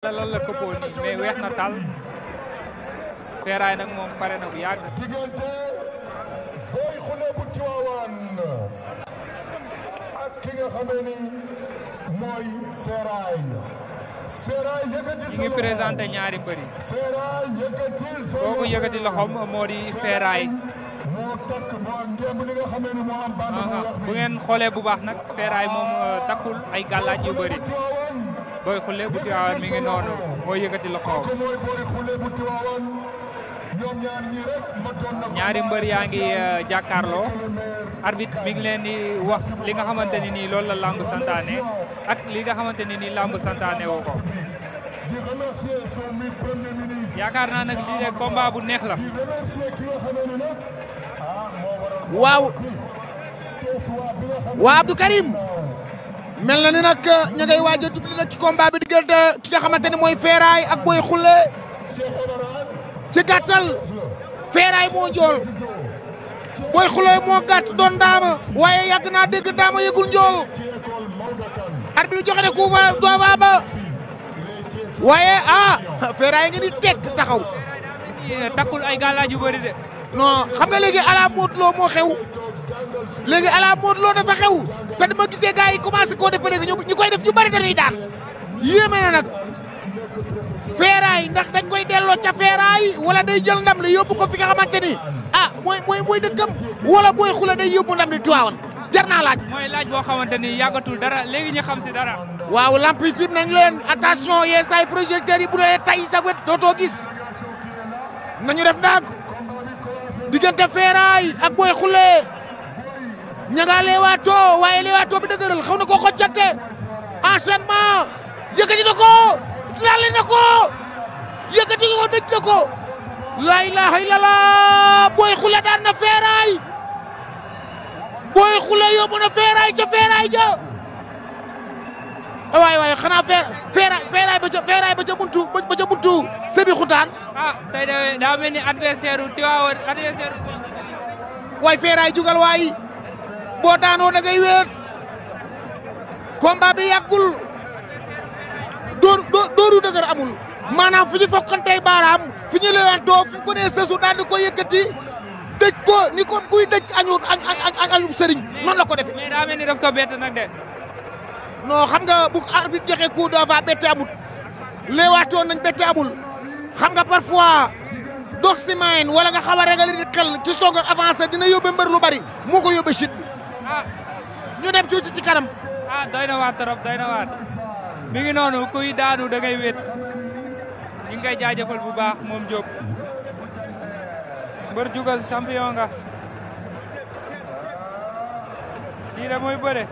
lalal la ko booni mais mau na tal feeraay nag moom pare na bu yàgg diggante booy xule bu tiwaawaan ak ki nga xamee ni présenté ñaari bëri loxom nga ni am bu ngeen bu baax eh, ay yu bëri booy xulle bu Tiwaawan mi ngi noonu moo yëkkati loxoom ñaari mbër yaa ngi euh, jàkkaarloo arbitre mi ngi leen di wax li nga xamante ni nii loolu la làmb santaane ak li nga xamante ni nii làmb santaane woo yaakaar naa nag lii rek combat bu neex la waaw waaw Abdou mel na ni nag ña ngay waaj a dugg nag ci combat ki nga xamante ni mooy Feeraay ak Boy Xule ci gàttal Feeraay moo njool Boy Xule moo gàtt doon daama waaye yàgg naa dégg daama yëgul njool arbitre bi joxe ne coup doobaa ba waaye ah Feeraay nga di tekk taxaw. takkul ay gàllaaj yu de. non xam nga léegi ala Modou moo xew léegi ala Modou Lo dafa xew. te dama gisee gars yi commencé koo def ba léegi ñu koy def ñu bari dañuy daan yéeme na nag feeraay ndax dañ koy delloo ca feeraay wala day jël ndam li yóbbu ko fi nga xamante ni a ah mooy mooy mooy dëkkam wala booy xula day yóbbu ndam li tuwaawan jar naa laaj. mooy laaj boo xamante ni yàggatul dara léegi ñu xam si dara. waaw lamp yi nañ leen attention yee saay projecteurs yi bu doonee tay sa wet dootoo gis nañu def ndànk diggante feeraay ak booy xule. ña ngaa waaye leewaatoo bi dëgëral xaw na ko xoccate enchaînement yëkkati na ko laale na ko yëkkati ko dëj na ko laa ilaha booy xula daan na feeraay booy xula yóbbu na feeraay ca feeraay ja eh, waay waay xanaa feeraay feeraay ba ca buntu ba ca buntu sëbi xutaan ah feeraay jugal waay boo daanoo da ngay wéet combat bi yàggul dóor dóoru dëgër amul maanaam fu ñu fokkantey baaraam fu ñu lewantoo fu ko nee sësu daal di ko yëkkati dëj ko ni kon kuy dëj añu añub sëriñ noonu la ko defee. ni daf ko de. non xam nga bu arbitre joxe coup d'envoi bette amul leewaatoon nañ bette amul xam nga parfois dox si main wala nga xaw a régaler xel ci soog a avancé dina yóbbe mbër lu bari moo ko yóbbe chute ñu dem tuuti ci kanam. ah doy na waar trop doy na waar mi ngi noonu kuy daanu da ngay wéet ñu ngi koy jaajëfal bu baa moom Diop. mbër jugal champion nga lii mooy bëre.